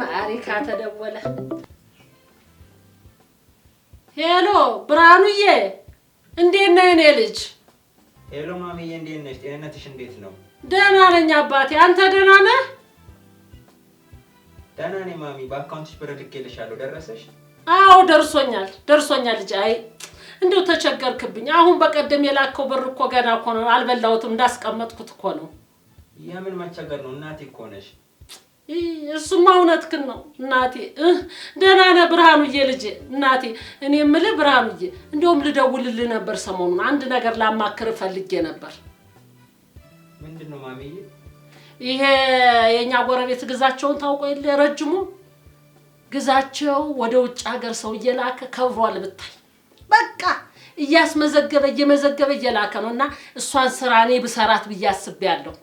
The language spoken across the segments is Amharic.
ማሪካ ተደወለ። ሄሎ ብርሃኑዬ እንዴት ነህ የኔ ልጅ? ሄሎ ማሚዬ እንዴት ነሽ? ጤንነትሽ እንዴት ነው? ደህና ነኝ አባቴ። አንተ ደህና ነህ? ደህና ነኝ ማሚ። በአካውንትሽ ብር ልኬልሻለሁ። ደረሰሽ? አዎ ደርሶኛል፣ ደርሶኛል ልጅ። አይ እንደው ተቸገርክብኝ። አሁን በቀደም የላከው ብር እኮ ገና እኮ ነው አልበላሁትም፣ እንዳስቀመጥኩት እኮ ነው። የምን መቸገር ነው እናቴ እኮ ነሽ። እሱማ እውነትህን ነው እናቴ። ደህና ነህ ብርሃኑዬ? ልጄ እናቴ፣ እኔ የምልህ ብርሃኑዬ፣ እንደውም ልደውልልህ ነበር። ሰሞኑን አንድ ነገር ላማክርህ ፈልጌ ነበር። ምንድን ነው ማሚዬ? ይሄ የእኛ ጎረቤት ግዛቸውን ታውቆ የለ ረጅሙ ግዛቸው ወደ ውጭ ሀገር ሰው እየላከ ከብሯል ብታይ በቃ እያስመዘገበ እየመዘገበ እየላከ ነው። እና እሷን ስራ እኔ ብሰራት ብዬ አስቤያለሁ።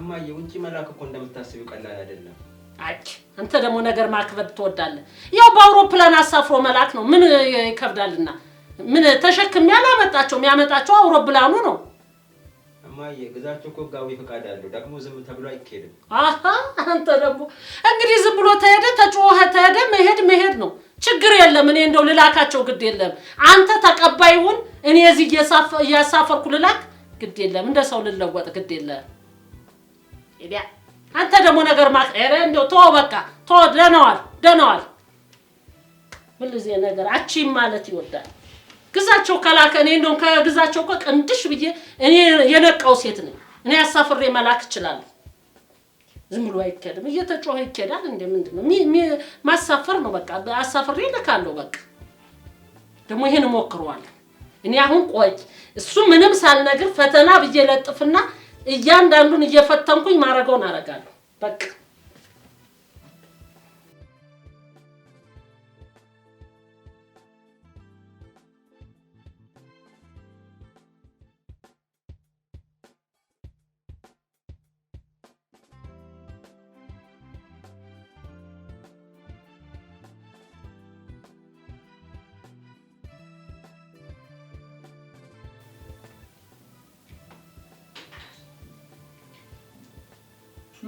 እማዬ ውጭ መላክ እኮ እንደምታስቢው ቀላል አይደለም። አይ አንተ ደግሞ ነገር ማክበድ ትወዳለህ። ያው በአውሮፕላን አሳፍሮ መላክ ነው ምን ይከብዳልና? ምን ተሸክሜ አላመጣቸውም። ያመጣቸው አውሮፕላኑ ነው። እማዬ ግዛቸው እኮ ህጋዊ ፈቃድ አለው። ደግሞ ዝም ተብሎ አይኬድም። አሀ አንተ ደግሞ እንግዲህ ዝም ብሎ ተሄደ፣ ተጮኸ ተሄደ፣ መሄድ መሄድ ነው። ችግር የለም። እኔ እንደው ልላካቸው ግድ የለም። አንተ ተቀባይ ሁን፣ እኔ እዚህ እያሳፈርኩ ልላክ ግድ የለም። እንደ ሰው ልለወጥ ግድ የለም። አንተ ደግሞ ነገር ማ እንደው ቶ በቃ ቶ ደነዋል፣ ደነዋል። ሁልጊዜ ነገር አቺም ማለት ይወዳል። ግዛቸው ከላከ እኔ እንደውም ከግዛቸው እኮ ቅንድሽ ብዬ እኔ የነቃው ሴት ነኝ። እኔ አሳፍሬ መላክ እችላለሁ። ዝም ብሎ አይኬድም። እየተጮኸ ይኬዳል። እንደ ምንድን ነው ማሳፈር ነው። በቃ አሳፍሬ እልካለሁ። በቃ ደግሞ ይሄን እሞክረዋለሁ። እኔ አሁን ቆይ እሱ ምንም ሳልነግር ፈተና ብዬ ለጥፍና እያንዳንዱን እየፈተንኩኝ ማድረገውን አደርጋለሁ። በቃ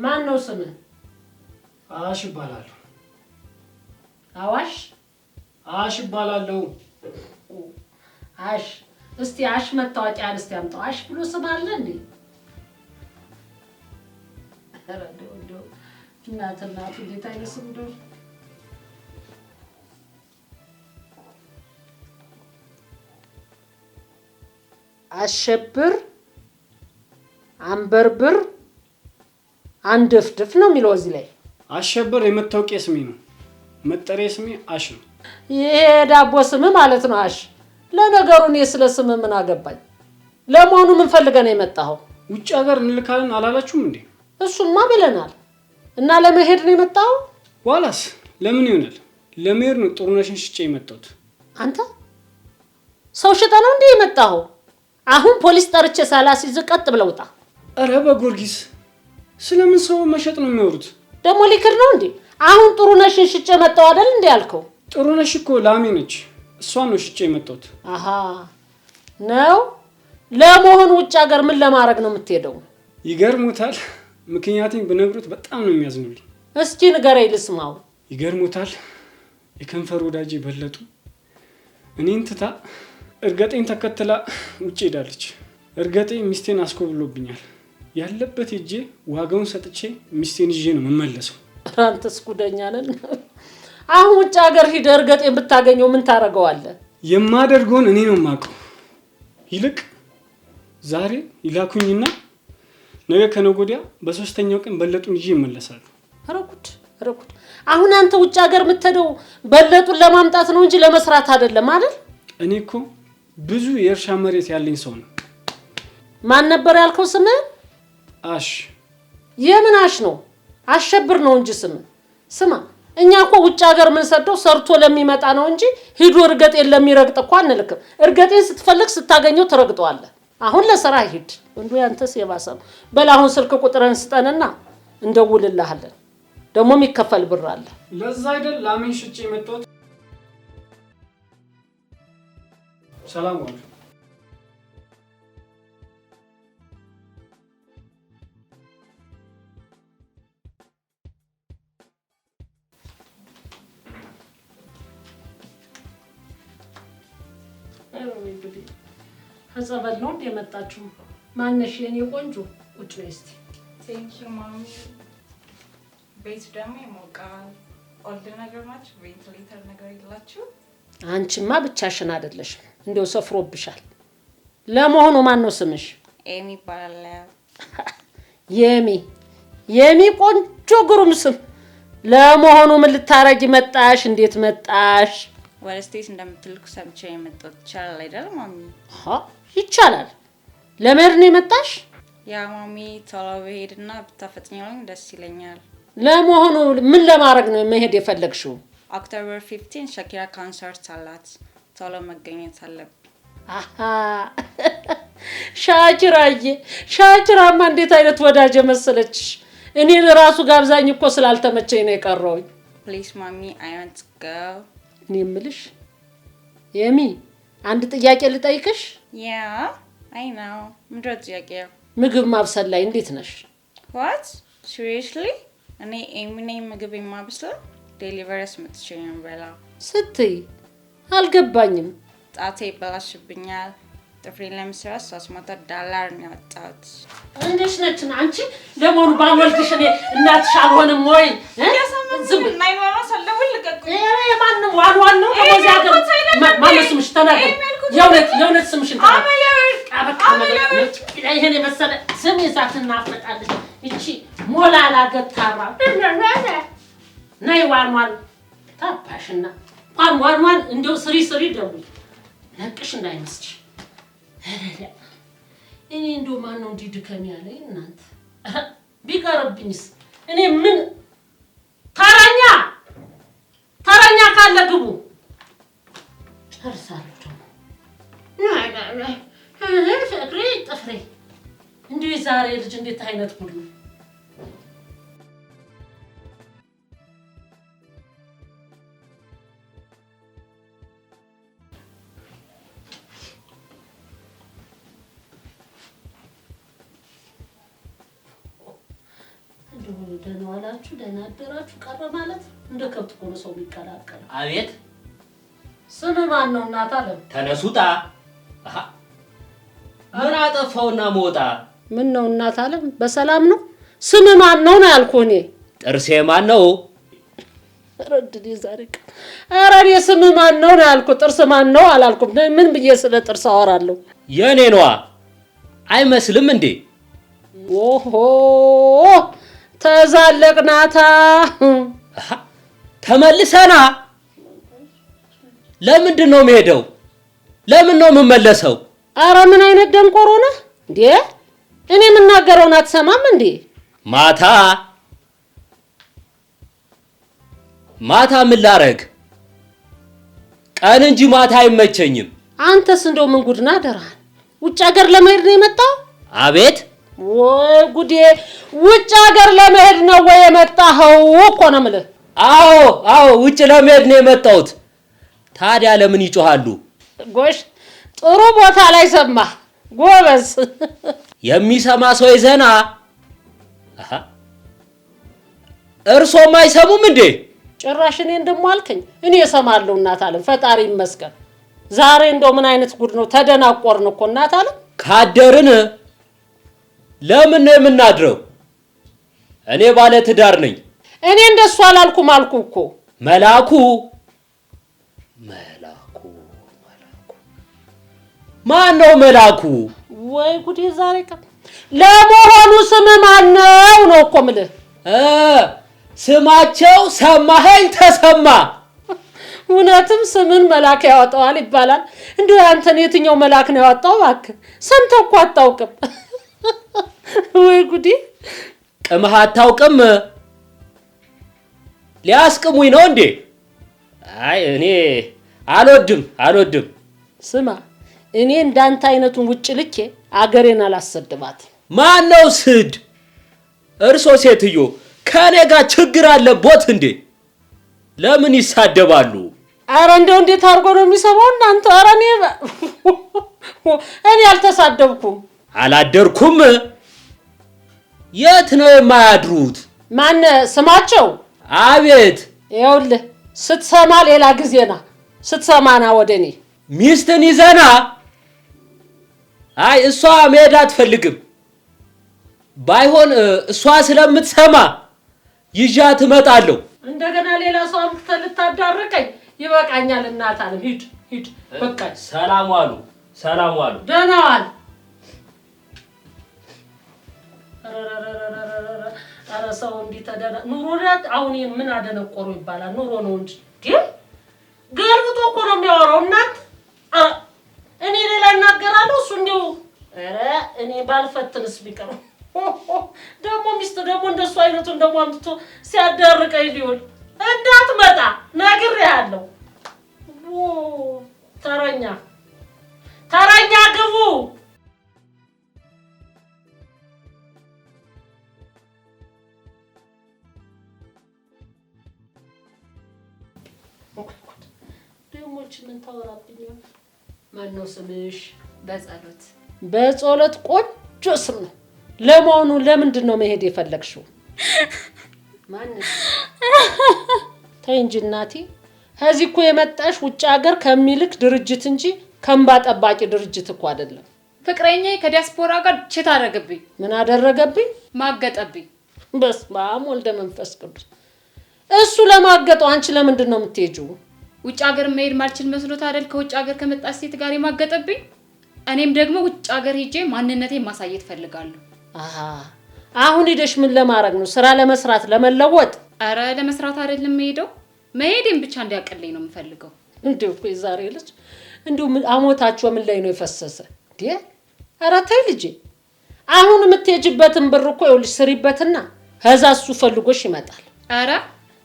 ማን ነው ስምህ? አሽ ይባላል። አዋሽ አሽ እባላለሁ። አሽ እስቲ አሽ መታወቂያ እስቲ አምጣው። አሽ ብሎ ስም አለ እንዴ? እናት እናቱ ጌታ ይስም ዶ አሸብር አንበርብር አንድፍድፍ ነው የሚለው እዚህ ላይ አሸብር የመታወቂያ ስሜ ነው። መጠሪያ ስሜ አሽ ነው። ይሄ የዳቦ ስም ማለት ነው አሽ። ለነገሩ እኔ ስለ ስም ምን አገባኝ? ለመሆኑ ምን ፈልገህ ነው የመጣኸው? ውጭ ሀገር እንልካለን አላላችሁም እንዴ? እሱማ ብለናል። እና ለመሄድ ነው የመጣኸው? ዋላስ ለምን ይሆናል? ለመሄድ ነው ጥሩነሽን ሽጬ የመጣሁት። አንተ ሰው ሽጠ ነው እንዴ የመጣኸው? አሁን ፖሊስ ጠርቼ ሳላስይዝ ቀጥ ብለውጣ። እረ በጊዮርጊስ ስለምን ሰው መሸጥ ነው የሚወሩት? ደግሞ ሊክር ነው እንዴ? አሁን ጥሩ ነሽን ሽጬ የመጣው አይደል እንዴ ያልከው? ጥሩ ነሽ እኮ ላሜ ነች። እሷን ነው ሽጬ የመጣሁት። አሀ ነው። ለመሆኑ ውጭ ሀገር ምን ለማድረግ ነው የምትሄደው? ይገርሙታል። ምክንያቱም ብነግሩት በጣም ነው የሚያዝኑልኝ። እስኪ ንገረኝ ልስማው። ይገርሙታል። የከንፈር ወዳጅ በለጡ እኔን ትታ እርገጤን ተከትላ ውጭ ሄዳለች። እርገጤ ሚስቴን አስኮብሎብኛል። ያለበት እጄ ዋጋውን ሰጥቼ ሚስቴን ይዤ ነው የምመለሰው። አንተስ ስኩደኛ ነን። አሁን ውጭ ሀገር ሂደህ እርገጤን ብታገኘው ምን ታደርገዋለህ? የማደርገውን እኔ ነው የማውቀው። ይልቅ ዛሬ ይላኩኝና ነገ ከነገ ወዲያ በሶስተኛው ቀን በለጡን ይዤ ይመለሳሉ። ኧረ ጉድ አሁን አንተ ውጭ ሀገር የምትሄደው በለጡን ለማምጣት ነው እንጂ ለመስራት አይደለም አይደል? እኔ እኮ ብዙ የእርሻ መሬት ያለኝ ሰው ነው። ማን ነበር ያልከው ስምህን? አሽ የምን አሽ ነው? አሸብር ነው እንጂ ስም ስማ፣ እኛ እኮ ውጭ ሀገር የምንሰደው ሰርቶ ለሚመጣ ነው እንጂ ሂዶ እርገጤን ለሚረግጥ እኮ አንልክም። እርገጤን ስትፈልግ ስታገኘው ትረግጠዋለህ። አሁን ለስራ ሂድ። እንዱ ያንተስ የባሰ ነው። በል አሁን ስልክ ቁጥረን ስጠንና እንደውልልሃለን። ደግሞ የሚከፈል ብር አለ። ለዛ አይደል ላሜን ሽጭ የመጣሁት። ሰላም ዋሉ። እንግዲህ ከጸበል ነው የመጣችሁ ማነሽ? የኔ ቆንጆ ቁጭ በይ እስኪ። ቴንኪው ማሚ። ቤቱ ደግሞ ይሞቃል። ኦልድ ነገር ናቸው። ቬንትሌተር ነገር የላችሁ። አንቺማ ብቻሽን አይደለሽም፣ እንዲያው ሰፍሮብሻል። ለመሆኑ ማን ነው ስምሽ? ኤሚ ይባላል። የሚ የሚ ቆንጆ ግሩም ስም። ለመሆኑ ምን ልታረጊ መጣሽ? እንዴት መጣሽ? ወደ ስቴት እንደምትልኩ ሰምቼ የመጣሁት ይቻላል አይደል ማሚ? ይቻላል። ለመሄድ ነው የመጣሽ? ያ ማሚ፣ ቶሎ ብሄድና ብታፈጥኛለኝ ደስ ይለኛል። ለመሆኑ ምን ለማድረግ ነው መሄድ የፈለግሽው? ኦክቶበር ፊፍቲን ሸኪራ ኮንሰርት አላት። ቶሎ መገኘት አለብኝ። ሻኪራዬ፣ ሻኪራማ እንዴት አይነት ወዳጅ የመሰለች እኔን ራሱ ጋብዛኝ እኮ ስላልተመቸኝ ነው የቀረውኝ። ፕሊስ ማሚ አይ ዋንት እኔ የምልሽ የሚ አንድ ጥያቄ ልጠይቅሽ። ያ አይ ነው ምንድን ነው ጥያቄው? ምግብ ማብሰል ላይ እንዴት ነሽ? ዋት ሲሪየስሊ? እኔ ኤሚ ነኝ ምግብ የማብስለው። ዴሊቨሪ ስምትችኝ በላ ስትይ አልገባኝም። ጣቴ ይበላሽብኛል ጥፍሬን ለመስራት ሶስት መቶ ነው ያወጣሁት። እንዴሽ ነች አንቺ? ለመሆኑ ባልወልድሽ እኔ እናትሽ አልሆንም ወይ? ማንም ዋልዋል ነው ስምሽ? ተናገር የእውነት ስምሽን ይሄን የመሰለ ስም ይዛት እናፍረጣለች። እቺ ሞላላ ገታባ ናይ ዋልዋል ታባሽና ዋልዋል። እንደው ስሪ ስሪ ደውይ ነቅሽ እንዳይመስልሽ እኔ እንደው ማን ነው እንዲህ ድከም ያለኝ? እናንተ ቢቀርብኝስ? እኔ ምን ተረኛ ተረኛ ካለ ግቡ ጨርሳለሁ። ደግሞ ፍቅሬ ጥፍሬ እንዲሁ የዛሬ ልጅ እንዴት አይነት ሁሉ ሁኑ። ደህና ዋላችሁ፣ ደህና አደራችሁ ቀረ ማለት እንደ ከብት ሆኖ ሰው የሚቀላቀል። አቤት ስም ማን ነው? እናት አለ ተነሱጣ ምን አጠፋውና መውጣ ምን ነው? እናት አለም በሰላም ነው። ስም ማን ነው ነው ያልኩህ እኔ። ጥርሴ ማን ነው? ረድኔ ዛሬ ኧረ እኔ ስም ማን ነው ነው ያልኩህ። ጥርስ ማን ነው አላልኩም። ምን ብዬ ስለ ጥርስ አወራለሁ? የእኔ ነዋ። አይመስልም እንዴ? ኦሆ ተዛለቅናታ ተመልሰና ለምንድን ነው የምሄደው? ለምን ነው የምመለሰው? አረ ምን አይነት ደንቆሮ ነህ እንዴ? እኔ የምናገረውን አትሰማም እንዴ? ማታ ማታ ምን ላረግ? ቀን እንጂ ማታ አይመቸኝም። አንተስ እንደው ምን ጉድና አደራህን። ውጭ ሀገር ለመሄድ ነው የመጣው? አቤት ወይ ጉዴ! ውጭ ሀገር ለመሄድ ነው ወይ የመጣኸው? እኮ ነው የምልህ። አዎ አዎ፣ ውጭ ለመሄድ ነው የመጣሁት። ታዲያ ለምን ይጮሃሉ? ጎሽ፣ ጥሩ ቦታ ላይ ሰማ ጎበዝ። የሚሰማ ሰው ይዘና። እርሶም አይሰሙም እንዴ? ጭራሽ እኔን ደግሞ አልከኝ። እኔ እሰማለሁ እናት አለም። ፈጣሪ ይመስገን። ዛሬ እንደው ምን አይነት ጉድ ነው! ተደናቆርን እኮ እናት አለም ካደርን ለምን ነው የምናድረው? እኔ ባለ ትዳር ነኝ። እኔ እንደሱ አላልኩም አልኩ እኮ መላኩ መላኩ መላኩ ማን ነው መላኩ? ወይ ጉዴ! ዛሬ ቀን ለመሆኑ ስም ማን ነው ነው እኮ የምልህ እ ስማቸው ሰማኸኝ ተሰማ። እውነትም ስምን መልአክ ያወጣዋል ይባላል። እንዲሁ ያንተን የትኛው መልአክ ነው ያወጣው? እባክህ ሰምተህ እኮ አታውቅም። ወይ ጉዴ! ቅምህ አታውቅም? ሊያስቅሙኝ ነው እንዴ? አይ እኔ አልወድም አልወድም። ስማ እኔ እንዳንተ አይነቱን ውጭ ልኬ አገሬን አላሰድባት። ማን ነው ስድ? እርሶ ሴትዮ ከእኔ ጋር ችግር አለቦት እንዴ? ለምን ይሳደባሉ? አረ እንደው እንዴት አድርጎ ነው የሚሰማው እናንተ? አረ እኔ እኔ አልተሳደብኩም አላደርኩም። የት ነው የማያድሩት? ማን ስማቸው? አቤት። ይኸውልህ ስትሰማ ሌላ ጊዜና ስትሰማና ወደ እኔ ሚስትን ይዘና። አይ እሷ መሄድ አትፈልግም። ባይሆን እሷ ስለምትሰማ ይዣት እመጣለሁ። እንደገና ሌላ ሰው አምጥተህ ልታዳርቀኝ ይበቃኛል። እናት አለም ሂድ ሂድ፣ በቃ ሰላም ዋሉ፣ ሰላም ዋሉ፣ ደህና ዋል ኧረ ሰው እንዲህ ተደና ኑሮ አሁን ምን አደነቆሩ ይባላል። ኑሮ ነው እንጂ ገልብጦ እኮ ነው የሚያወራው። እናት እኔ ሌላ እናገራለሁ እሱ እንዲሁ ኧረ እኔ ባልፈትንስ ቢቀር ደግሞ ሚስት ደግሞ እንደሱ አይነቱን ደግሞ አምጥቶ ሲያዳርቀኝ ሊሆን እንዳትመጣ ነግሬሃለሁ። ተረኛ ተረኛ ግቡ ደሞች ምን ታወራብኛል? ማነው ስምሽ? በጸሎት በጸሎት ቆጆ ስም ነው። ለመሆኑ ለምንድን ነው መሄድ የፈለግሽው? ማነው? ተይ እንጂ እናቴ፣ እዚህ እኮ የመጣሽ ውጭ ሀገር ከሚልክ ድርጅት እንጂ ከእምባ ጠባቂ ድርጅት እኮ አይደለም። ፍቅረኛ ከዲያስፖራ ጋር ችት አደረገብኝ። ምን አደረገብኝ? ማገጠብኝ። በስመ አብ ወልደ መንፈስ ቅዱስ። እሱ ለማገጠው አንቺ ለምንድን ነው የምትሄጂው? ውጭ ሀገር መሄድ ማልችል መስሎት አይደል? ከውጭ ሀገር ከመጣች ሴት ጋር የማገጠብኝ። እኔም ደግሞ ውጭ ሀገር ሄጄ ማንነቴን ማሳየት ፈልጋለሁ። አሁን ሄደሽ ምን ለማድረግ ነው? ስራ ለመስራት ለመለወጥ? አረ ለመስራት አይደለም የምሄደው፣ መሄዴን ብቻ እንዲያቀልኝ ነው የምፈልገው። እንዲሁ እኮ የዛሬ ልጅ እንዲሁ አሞታቸው ምን ላይ ነው የፈሰሰ እንዴ? አረ ተይ ልጄ፣ አሁን የምትሄጅበትን ብር እኮ ይኸውልሽ ስሪበትና ከዛ እሱ ፈልጎሽ ይመጣል። አረ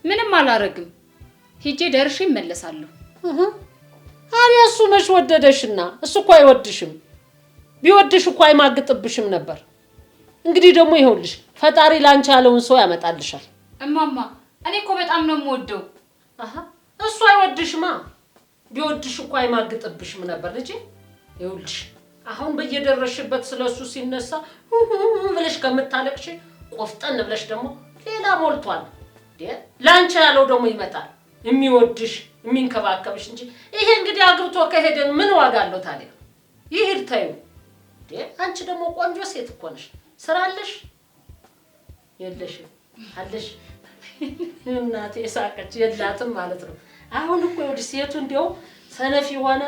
ምንም አላረግም ሂጄ ደርሽ እመለሳለሁ። አሪያ እሱ መች ወደደሽና፣ እሱ እኮ አይወድሽም። ቢወድሽ እኮ አይማግጥብሽም ነበር። እንግዲህ ደግሞ ይኸውልሽ ፈጣሪ ላንቺ ያለውን ሰው ያመጣልሻል። እማማ እኔ እኮ በጣም ነው የምወደው። እሱ አይወድሽማ። ቢወድሽ እኮ አይማግጥብሽም ነበር ልጄ። ይኸውልሽ አሁን በየደረሽበት ስለ እሱ ሲነሳ ብለሽ ከምታለቅሽ ቆፍጠን ብለሽ ደግሞ ሌላ ሞልቷል። ላንቺ ያለው ደግሞ ይመጣል የሚወድሽ የሚንከባከብሽ እንጂ ይሄ እንግዲህ አግብቶ ከሄደ ምን ዋጋ አለው ታዲያ? ይሄድ ታዩ። አንቺ ደግሞ ቆንጆ ሴት እኮ ነሽ። ስራ አለሽ የለሽም? አለሽ። እናቴ የሳቀች የላትም ማለት ነው። አሁን እኮ ይኸውልሽ ሴቱ እንዲያው ሰነፍ የሆነ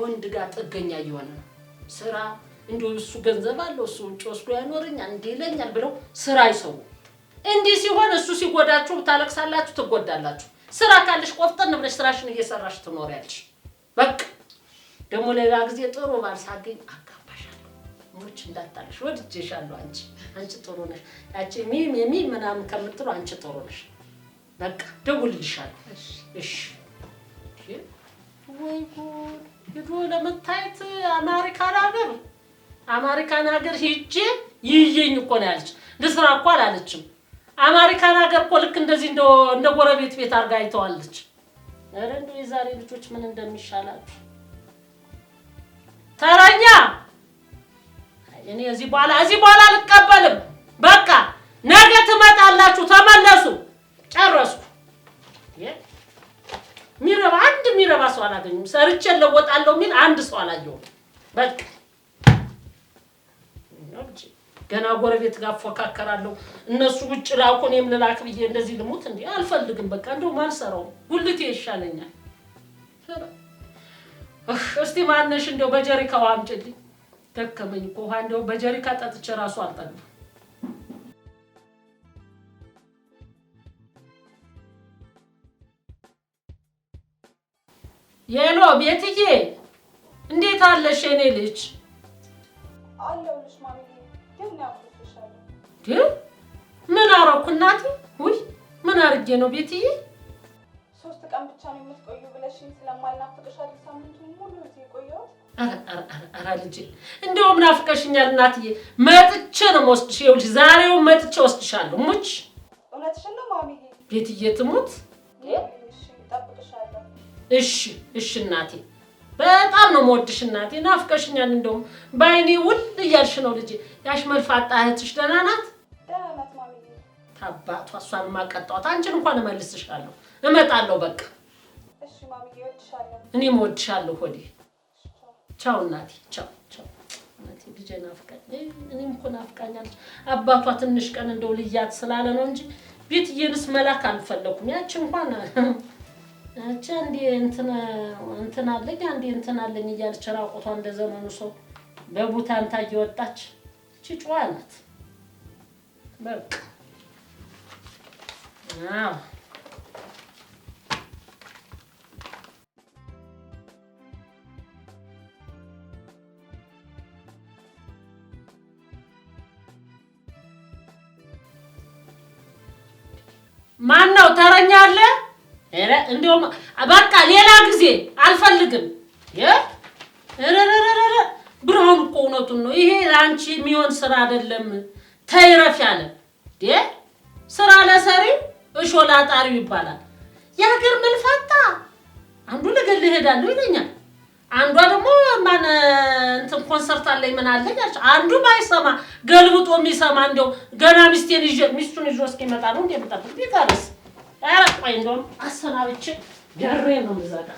ወንድ ጋር ጥገኛ እየሆነ ነው። ስራ እንዲሁ እሱ ገንዘብ አለው እሱ ውጭ ወስዶ ያኖረኛል እንዲህ ይለኛል ብለው ስራ አይሰውም። እንዲህ ሲሆን እሱ ሲጎዳችሁ ታለቅሳላችሁ፣ ትጎዳላችሁ። ስራ ካለሽ ቆፍጠን ብለሽ ስራሽን እየሰራሽ ትኖሪያለሽ። በቃ ደግሞ ሌላ ጊዜ ጥሩ ባል ሳገኝ አጋባሻለሁ። ሞች እንዳታለሽ፣ ወድጄሻለሁ። አንቺ አንቺ ጥሩ ነሽ። ያቺ ሚም የሚ ምናምን ከምትሉ አንቺ ጥሩ ነሽ። በቃ ደውልልሻለሁ። እሺ ወይ ጉድ! ሄዶ ለመታየት አሜሪካን ሀገር አሜሪካን ሀገር ሂጄ ይይኝ እኮ ነው ያለች። ልስራ እኮ አላለችም። አሜሪካን ሀገር እኮ ልክ እንደዚህ እንደ እንደ ጎረቤት ቤት አድርጋ አይተዋለች። ኧረ እንደው የዛሬ ልጆች ምን እንደሚሻላችሁ ተረኛ። እኔ እዚህ በኋላ እዚህ በኋላ አልቀበልም። በቃ ነገ ትመጣላችሁ፣ ተመለሱ። ጨረስኩ። ሚረባ አንድ ሚረባ ሰው አላገኙም። ሰርቼ ለወጣለሁ የሚል አንድ ሰው አላየሁም። በቃ ገና ጎረቤት ጋር እፎካከራለሁ። እነሱ ውጭ ላኩ፣ እኔም ልላክ ብዬ እንደዚህ ልሙት እንዲ አልፈልግም። በቃ እንደውም ሰራው ጉልቴ ይሻለኛል። እስቲ ማነሽ እንደው በጀሪካ ውሃ አምጪልኝ። ደከመኝ እኮ ውሃ እንደው በጀሪካ ጠጥቼ ራሱ አልጠግብም። የሎ ቤትዬ፣ እንዴት አለሽ የኔ ልጅ? አለሁልሽ ማሚ ምን አረኩ እናቴ? ውይ ምን አርጌ ነው ቤትዬ? ሶስት ቀን ብቻ ነው የምትቆዩ ብለሽኝ ስለማልናፍቅሽ አይደል ሳምንቱን ሙሉ እዚህ የቆየሁት። ኧረ ልጄ እንደውም ናፍቀሽኛል እናትዬ። መጥቼ ነው የምወስድሽ። ይኸውልሽ መጥቼ ሙች እውነትሽን ነው ማሚዬ። ቤትዬ ትሙት። እሺ እሺ እናቴ በጣም ነው የምወድሽ እናቴ፣ ናፍቀሽኛል። እንደውም በአይኔ ውል እያልሽ ነው ልጄ። ያሽ መልፋጣ እህትሽ ደህና ናት? ታባቷ እሷን ማቀጣት። አንቺን እንኳን እመልስሻለሁ፣ እመጣለሁ። በቃ እኔም እወድሻለሁ። ሆዴ ቻው እናቴ፣ ቻው ቻው እናቴ። ልጄ ናፍቀኝ፣ እኔም እኮ ናፍቃኛለች። አባቷ ትንሽ ቀን እንደው ልያት ስላለ ነው እንጂ ቤትዬንስ መላክ አልፈለኩም። ያቺ እንኳን እቺ አንዴ እንትን እንትን አለኝ አንዴ እንትን አለኝ እያለች ራቁቷ እንደ ዘመኑ ሰው በቡታንታ እየወጣች እቺ ጨዋ ናት። በቃ አዎ ማን ነው ተረኛ አለ ኧረ እንደውም በቃ ሌላ ጊዜ አልፈልግም። ረረረረ ብርሃኑ እኮ እውነቱን ነው። ይሄ ለአንቺ የሚሆን ስራ አይደለም። ተይ ያለ ስራ ለሰሪ እሾላ ጣሪው ይባላል። የሀገር አንዱ ልገል እሄዳለሁ ይለኛል። አንዷ ደግሞ ማን እንትን ኮንሰርት አለኝ ምን አለኝ አንዱ ባይሰማ ገልብጦ የሚሰማ እንደው ገና ሚስቴን ይዤ ሚስቱን ይዞ እስኪመጣ ነው እንደምጠብቅ ቢቀርስ አሰናብቼ ደሬ ነው የምዘጋ